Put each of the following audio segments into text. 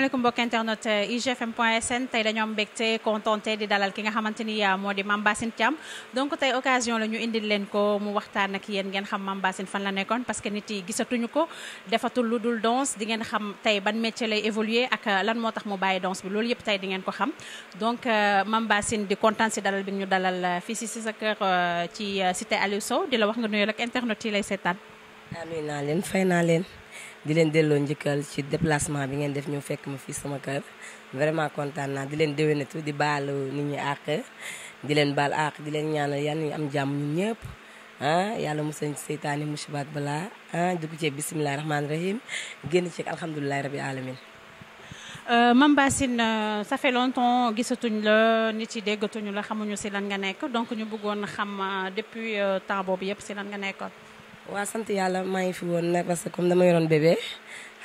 asalaamaaleykum mbokk internet eh, igfm point sn tey dañoo am mbégte contenté di dalal ki nga xamante ni eh, moo di Mame Bassine Thiam donc tey occasion la ñu indil leen ko mu waxtaan ak yéen ngeen xam Mame Bassine fan la nekkoon parce que nit yi gisatuñu ko defatul lu dul danse di ngeen xam tey ban métier lay évoluer ak eh, lan moo tax mu bàyyi danse bi loolu yëpp tey di ngeen ko xam donc Mame Bassine di kontaan si dalal bi ñu dalal fii si si sa kër ci cité Aliou Sow di la wax nga nuyoo ak internet yi lay seetaan. nuyu dilen leen ndikal ci déplacement bi ngeen def ñu fekk ma fi sama kër vraiment content na dilen dewenatu di baalu nit ñi ak dilen bal ak dilen ñaanal yan ñu am jamm ñun ñëpp ah yàlla musañ seytaani musibaat balaa ah dugg ci bismillahir rahmanir rahim genn ci alhamdulilah rabi alamin euh mam Bassine euh, ça fait longtemps gisatuñ la nit yi déggatuñu la xamuñu ci lan nga nek donc ñu bëggoon xam euh, depuis euh, temps bobu yépp ci lan nga nekkoon wa sant yalla ma ngi fi won nag parce que comme dama yoroon bébé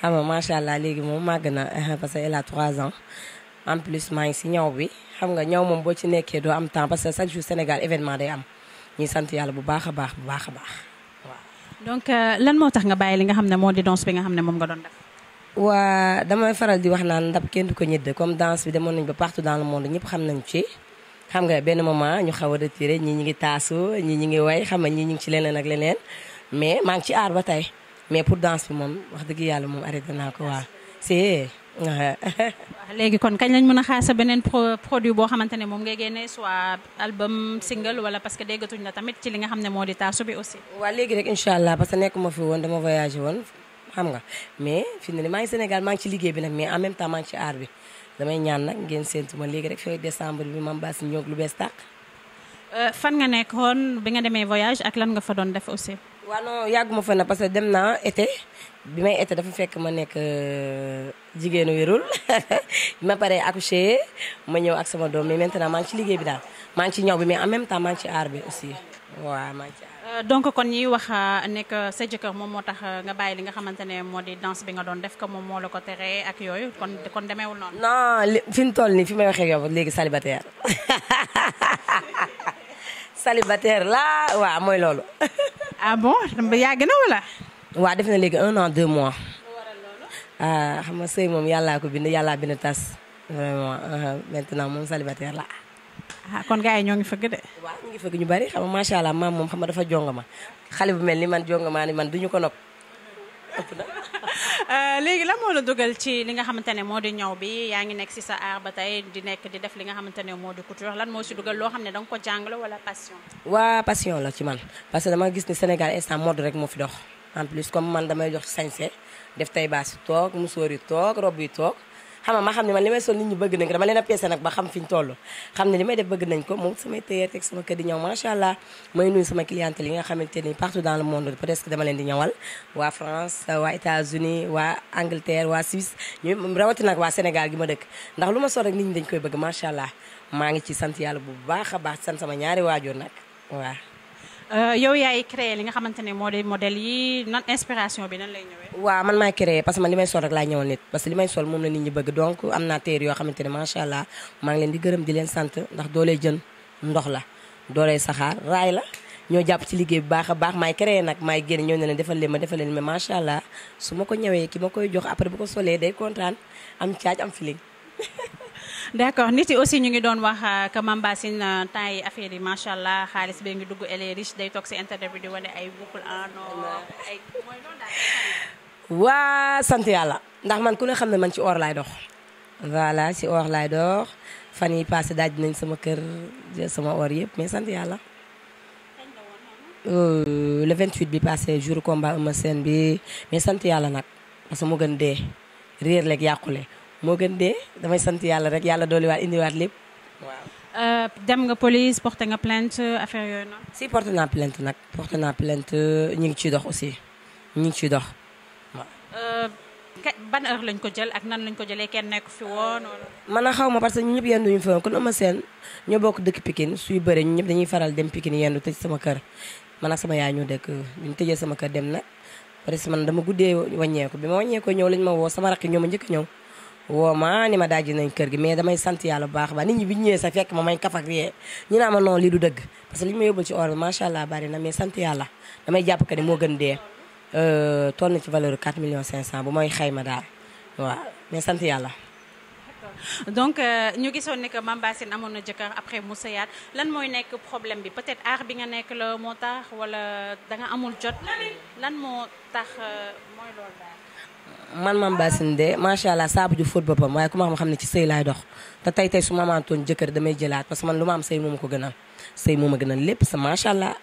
xam nga macha allah léegi moom màgg eh, parce que elle a 3 ans en plus ma ngi si ñaw bi xam nga ñaw mom bo ci nekkee do am temps parce que chaque jour Sénégal événement day am ñi sant yalla bu baax a baax bu baax a baax donc euh, lan moo tax nga bàyyi li nga xam ne moo di danse bi nga xam mom nga doon def. wa dama faral di wax nan ndab kën du ko ñëdd comme danse bi demoon nañu ba partout dans le monde ñëpp xam nañ ci. xam nga ben moment ñu xawa retiré ñi ñi ngi tassu ñi ñi ngi way xam nga ñi ñi ngi ci leneen ak leneen. mais maa ngi ci aar ba tey mais pour danse bi moom wax dëgg yàlla moom arrêté naa ko waa c'est léegi kon kañ lañ mun a xaar sa beneen produit boo xamante ne moom ngay génne soit album single wala parce que déggatuñ la tamit ci li nga xam ne moo di taasu bi aussi. waa léegi rek incha allah parce que nekkuma fi woon dama voyagé woon xam nga mais fi mu ne maa ngi Sénégal maa ngi ci liggéey bi nag mais en même temps maa ngi ci aar bi damay ñaan nag ngeen séntu ma léegi rek bi mam baas ñoog lu bees euh, fan nga nekkoon bi nga demee voyage ak lan nga fa doon def waaw non yàgguma fa na parce que dem na été bi may été dafa fekk ma nekk euh, jigéenu wérul ma paree accouché ma ñëw ak sama doom mais maintenant maa ngi ci liggéey bi daal maa ngi ci ñaw bi mais en même temps maa ngi ci aar bi aussi waaw maa ngi euh, donc kon ñuy wax euh, nekk sa jëkkër moom moo tax nga bàyyi li nga xamante ne moo di danse bi nga doon def ko moom moo la ko teree ak yooyu kon kon demeewul noonu. non li fi mu toll nii fi may waxee yow léegi célibataire célibataire la waaw mooy loolu. ah bon yàgg na wala. waa def na léegi un an deux mois. ah xam nga sëy moom yàllaa ko bind yàllaa bind tas vraiment ah, maintenant moom célibataire la. Ah, kon gars yi ñoo ngi fëgg de. waaw ñu ngi fëgg ñu bari xam nga macha allah maam moom xam nga dafa jongama xale bu mel ni man jongama ni man duñu ko nopp ëpp Euh, léegi lan moo la dugal ci li nga xamante ne moo di ñëw bi yaa ngi nekk si sa aar ba tey di nekk di def li nga xamante ne moo di couture lan moo si dugal loo xam ne danga nga ko jàng la wala passion. waa passion la ci man parce que dama gis ni Sénégal instant mode rek moo fi dox en plus comme man damay jox sañse def tay baas yi toog musóor yi toog rob yi toog. xam nga ma xam ne man li may sol nit ñi bëgg ko dama leen a peese nag ba xam fi ñu toll xam ne li may def bëgg nañ ko moom samay téyeer teg sama kër di ñëw macha allah may nuyu sama clientèle yi nga xamante ni partout dans le monde presque dama leen di ñëwal waa France waa États-Unis waa Angleterre waa Suisse ñu rawati nag waa Sénégal gi ma dëkk ndax lu ma sol rek ni ñi dañ koy bëgg macha allah maa ngi ci sant yàlla bu baax a baax san sama ñaari waajur nag waaw Euh, yow yaay créé li nga xamante ne moo di modèle yi nan inspiration bi nan lay ñëwee. waa man maay créé parce que man li may sol rek laa ñëwal nit parce que li may sol moom la nit ñi bëgg donc am naa teer yoo xamante ne macha allah maa ngi leen di gërëm di leen sant ndax doolee jën ndox la doolee saxaar raay la. ñoo jàpp ci liggéey bu baax a baax maay créé nag maay génn ñëw ne leen defal ma defal leen mais macha allah su ma ko ñëwee ki ma koy jox après bu ko solee day kontaan am caaj am feeling. d'accord nit yi aussi ñu ngi doon wax euh, que Mame Bassine euh, temps yi affaire yi macha allah xaalis bee ngi dugg elle est riche day toog si internet bi di wane ay boucle en or waa sant yàlla ndax man ku ne xam ne man ci or lay dox. voilà ci or lay dox fan yi passé daaj nañ sama kër sama or yëpp mais sant yàlla. Euh, le 28 bi passé jour combat Eumeu Sène bi mais sant yàlla nag parce mu gën dee réer leeg yàqule. mo gën dé damay sant yalla rek yalla doli wat indi wat lepp waaw. euh dem nga police porter nga plainte affaire yoy non si porter na plainte nak porter na plainte ñi ngi ci dox aussi ñi ngi ci dox waaw. Euh, ban heure lañ ko jël ak nan lañ ko jëlé kenn nek fi woon wala. man xaw ma parce que ñepp ñëpp ñu fa ko dama sen Sène ñoo bokk dëkk Pikine suy bëré ñepp dañuy faral dem Pikine yendu tëj sama kër man ak sama yaay ñu dëkk ñu tejé sama kër dem nag parce que man dama guddé guddee ko bima ma ko ñew lañ ma wo sama rakk ñoma ñëk ñew woo ma ni ma daaj nañ kër gi mais damay sant yàlla bu baax ba nit ñi bi ñëwee sa fekk ma may kaf ak yee ñu naa ma non lii du dëgg parce que li ma yóbbul ci or bi macha allah na mais sant yàlla damay jàpp que ni moo gën dee euh, toll na ci valeur million cinq 500 bu may xayma daal waaw mais sant yàlla. donc euh, ñu gisoon ne que Mame Bassine amoon na jëkkër après mu sëyaat lan mooy nekk problème bi peut-être aar bi nga nekk la moo tax wala da nga amul jot lan moo tax euh, man maam Bassine de macha allah saabu ju fóot boppam waaye ku ma xam ne ci sëy dox te tey tey su ma amaatoon jëkkër damay jëlaat parce que man lu ma am sëy moom ko gënal sëy moom a lépp sa macha allah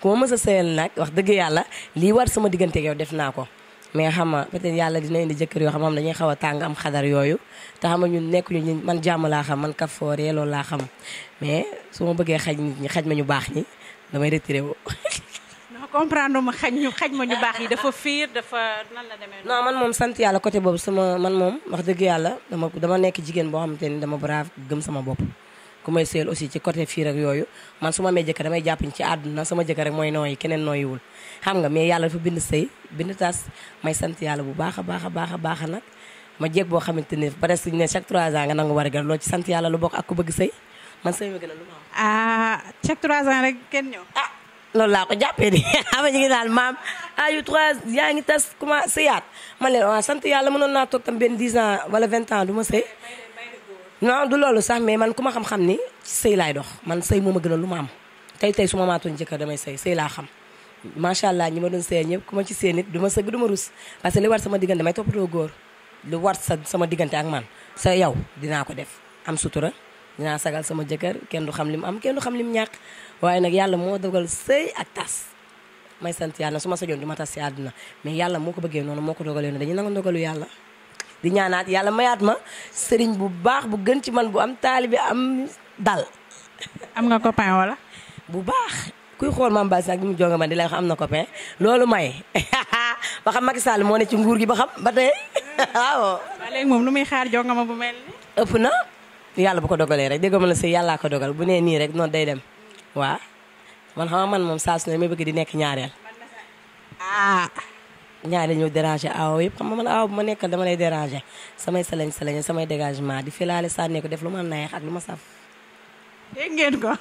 ku ma mës a nag wax dëgg yàlla lii war sama diggante yow def naa ko. mais xam nga peut-être yàlla dina indi jëkkër yoo xam ne dañuy xaw a tàng am xadar yooyu te xam nga ñun man jàmm laa xam man kafoor loolu laa xam mais su ma bëggee xaj ñi xaj ma ñu baax ñi damay retiré comprendre ma xaj ñu xaj ma ñu baax yi dafa fiir dafa nan la demee. non man moom sant yàlla côté boobu sama man moom wax dëgg yàlla dama dama nekk jigéen boo xamante ni dama brave gëm sama bopp. ku may seel aussi ci côté fiir ak yooyu man su ma amee jëkkër damay jàpp ci àdduna sama jëkkër rek mooy nooyi keneen nooyiwul. xam nga mais yàlla dafa bind sëy bind tas may sant yàlla bu baax a baax a baax a nag ma jéeg boo xam ni presque ne chaque 3 ans nga nangu war a gën loo ci sant yàlla lu bokk ak ku bëgg sëy man sëy ma gën a lu ma ah loolu laa ko jàppee de ama ñu ngi naan maam ah yaa ngi tas commencé yaat ma leen waaw sant yàlla noon naa toog tam benn 10 ans wala vingt ans du ma sëy non du loolu sax mais man ku ma xam ni sëy laay dox man sëy moo ma gënal lu ma am tey tey su ma maatoon jëkkër damay sey sey laa xam macha allah ñi ma doon sëy ñëpp ku ma ci seen nit du ma sëgg du ma rus parce que li war sama diggante damay doo góor lu war sa sama diggante ak man sa yow dinaa ko def am sutura dinaa sagal sama jëkkër kenn du xam lim am kenn du xam lim ñàkk waaye nag yàlla moo dogal sëy ak tas may sant yàlla su ma sañoon du ma tas si àdduna mais yàlla moo ko bëggee noonu moo ko dogalee noonu dañu nangu dogalu yàlla di ñaanaat yàlla ma sëriñ bu baax bu gën ci man bu am taalibi am dal am nga copain wala bu xool Mame Bass mu jonga man di lay na copain loolu may ba xam Macky Sall moo ne ci nguur gi ba xam ba tey waaw. waaw léegi moom lu muy xaar jonga bu mel ni ëpp na yàlla bu ko dogalee rek déggoo ma la sëy yàllaa ko dogal bu nee nii rek noonu day dem waa man xam man moom saas su ne may bëgg di nekk ñaareel ah ñaareel ñoo déranger aw yëpp xam nga man aw bu ma nekkal dama lay déranger samay salañ salañ samay dégagement di filaale sànni ko def lu ma neex ak lu ma saf dégg ngeen ko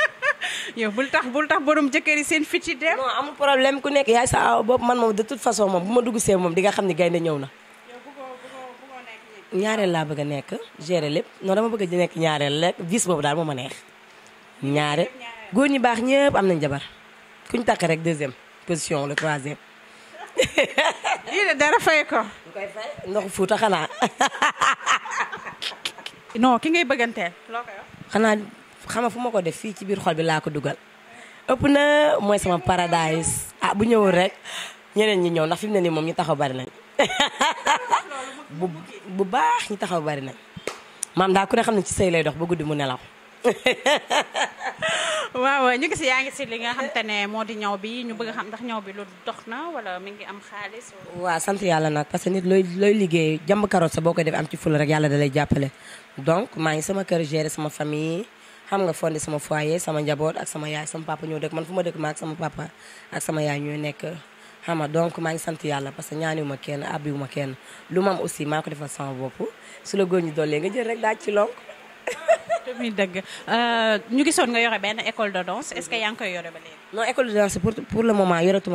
yow bul tax bul tax borom yi seen fit ci dem non amul problème ku nekk yaay sa aw boobu man moom de toute façon moom bu ma dugg see moom di nga xam ne gaynde ñëw na ñaareel laa bëgg a nekk gérer lépp non dama bëgg a nekk ñaareel lekk vis boobu daal moo ma neex ñaare góor ñi baax ñëpp am nañ jabar kuñ takk rek deuxième position le troisième. lii de dara fay ko. ndox fuuta xanaa. no ki ngay bëgganteel loo xanaa xama fu ma ko def fii ci biir xol bi laa ko dugal. ëpp na mooy sama paradise ah bu ñëwul rek ñeneen ñi ñëw ndax fi ne nii moom ñu taxaw bari nañ bu bu baax ñu taxaw bari nañ maam daa ku ne xam ne ci sëy lay dox ba guddi mu nelaw waaw ñu gis yaa ngi si li nga xam te ne moo di ñaw bi ñu bëgg xam ndax ñaw bi lu dox na wala mi ngi am xaalis waa sant yàlla nag parce que nit looy looy liggéey jàmb karoot sa boo koy def am ci ful rek yàlla da lay jàppale donc maa ngi sama kër gérer sama famille xam nga fondé sama foyer sama njaboot ak sama yaay sama papa ñoo dëkk man fu ma dëkk maa ak sama papa ak sama yaay ñooy nekk xam nga donc maa ngi sant yàlla parce que ñaaniwuma kenn abbiwuma kenn lu ma aussi maa ko defal sama bopp su la góor ñi dollee nga jël rek daaj ci lonk. Euh, ñu gisoon nga yore benn école de danse est-ce que yaa yore ba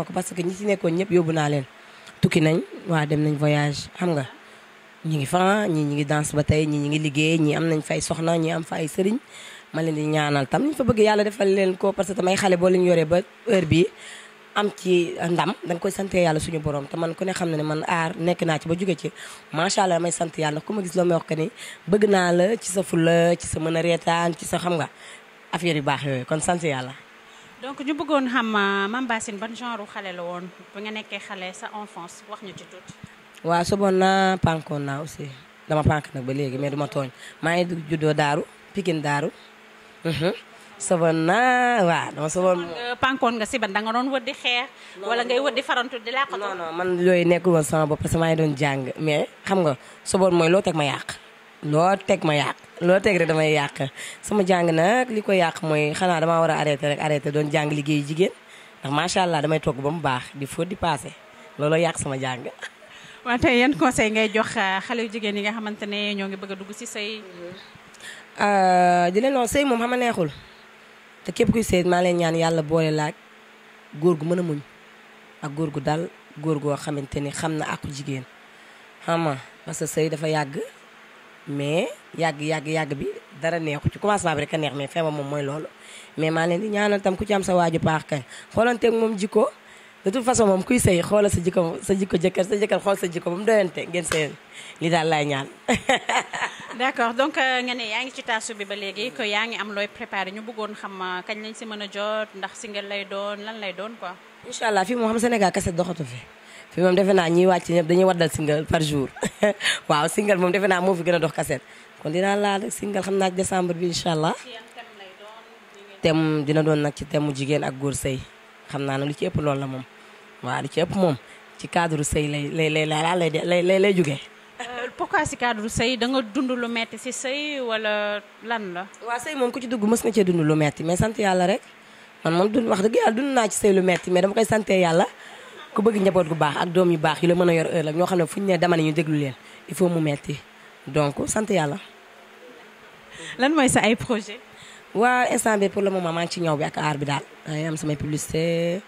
ko parce que ñi ci nekkoon ñëpp yóbbu naa leen tukki nañ waa dem nañ voyage xam nga. ñi ngi fa ñi ñi ngi ba tey ñi ñi ngi liggéey ñi am nañ fay soxna ñi am fa ay sëriñ ma leen di ñaanal tam ñu fa bëgg yàlla defal leen ko parce que tamay xale am ci ndam da nga koy sante yàlla suñu borom te man ku ne xam na ne man aar nekk naa ci ba jóge ci macha allah may sant yàlla ku ma gis loo may wax que ni bëgg naa la ci sa fula ci sa mën ci sa xam nga affaire yu baax yooyu kon sant yàlla. donc ñu bëggoon xam euh, Mame Bassine ban genre xale la woon ba nga nekkee xale sa enfance wax ñu ci tuuti. waaw suboon naa pànkoon naa aussi dama pànk nag ba léegi mais duma tooñ maa ngi juddoo daaru Pikine daaru. Mhm. soboon naa waaw dama soboon. Euh, pànkoon nga si ban da nga doon wër di xeex. wala ngay wër di farantu di làqatu. non man looy nekk woon sama bopp que maa doon jàng mais xam nga soboon mooy loo teg ma yàq. loo teg ma yàq loo teg rek damay yàq sama jàng nag li ko yàq mooy xanaa damaa war a arrêté rek arrêté doon jàng liggéeyu jigéen ndax macha damay togg ba mu baax di fóot di paase looloo yàq sama jàng. waaw tey yan conseil ngay jox euh, xale yu jigéen yi nga xamante ne ñoo ngi bëgg a dugg si sëy. Euh, di leen wax sëy moom xam neexul. te képp kuy seet maa leen ñaan yàlla boole laaj góor gu mën a muñ ak góor gu dal góor goo xamante ni xam na àqu jigéen xam nga parce que sëy dafa yàgg mais yàgg yàgg yàgg bi dara neexu ci commencement bi rek a neex mais feebar moom mooy loolu mais maa leen di ñaanal tam ku ci am sa waaju paax kay xoolanteeg moom jikko de toute façon moom kuy sëy xoolal sa jikko sa jikko jëkkër sa jëkkër xool sa jikko ba mu doyante ngeen sëyal li daal lay ñaan d'accord donc euh, nga ne yaa ngi ci taasu bi ba léegi ko yaa ngi am looy préparé ñu bëggoon xam euh, kañ lañ si mën a jot ndax single lay doon lan lay doon quoi incha allah fii moo xam Sénégal kese doxatu fi fi moom defe naa ñiy wàcc ñëpp dañuy waddal single par jour waaw single moom defe naa moo fi gën a dox kaset kon dinaa laal rek single xam naa décembre bi incha allah tem dina doon nag ci temu jigéen ak góor sëy xam naa ne lu ci ëpp loolu la moom waaw lu ci ëpp moom ci cadre sëy lay lay lay lay lay lay lay jógee. Euh, pourquoi si cadre sëy da nga dund lu metti si sëy wala lan la. waa sëy moom ku ci dugg mës na cee dund lu metti mais sant yàlla rek man moom dund wax dëgg yàlla dund naa ci sëy lu metti mais dama koy sante yàlla ku bëgg njaboot gu baax ak doom yu baax yu la mën a yor la ñoo xam ne fu ñu ne dama ne ñu déglu leen il faut mu metti donc sant yàlla. lan mooy sa waa instant bi pour le moment maa ngi ci ñaw bi ak aar bi daal maa ngi am samay publicité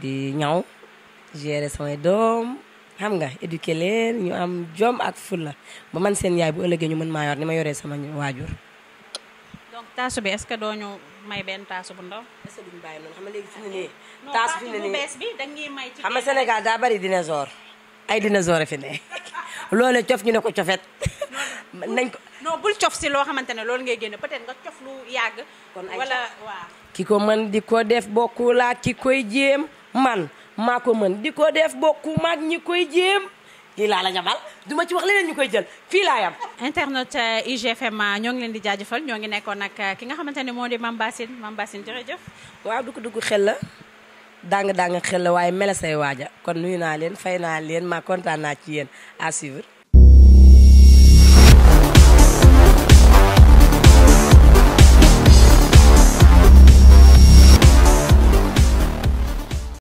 di ñaw gérer samay doom xam nga éduquer leen ñu am jom ak fulla ba man seen yaay bu ëllëgee ñu mën maa yor ni ma yoree sama waajur. donc taasu bi est-ce que doo ñu may benn taasu bu ndaw. est-ce que duñu bàyyi noonu xam nga ne. Sénégal daa bari dinosaure ay dinosaure fi ne. loolee cof ñu ne ko cofet. nañ ko non bul cof si loo xamante ne loolu ngay génne peut-être nga cof lu yàgg. kon ay wala waaw. ki ko mën di ko def bokku laat ki koy jéem man maa ko mën di ko def bokku mag ñi koy jéem. lii laa la ñamal duma ci wax leneen ñu koy jël fii laa yam internet euh, IGFM euh, ñoo ngi leen di jëfal ñoo ngi nekkoon ak euh, ki nga xamante ne moo di Mame Bassine Mame jëf jërëjëf. waaw dugg dugg xel la dang dang xel la waaye mel say waaja kon nuyu naa leen fay naa leen maa kontaan naa ci yéen à suivre.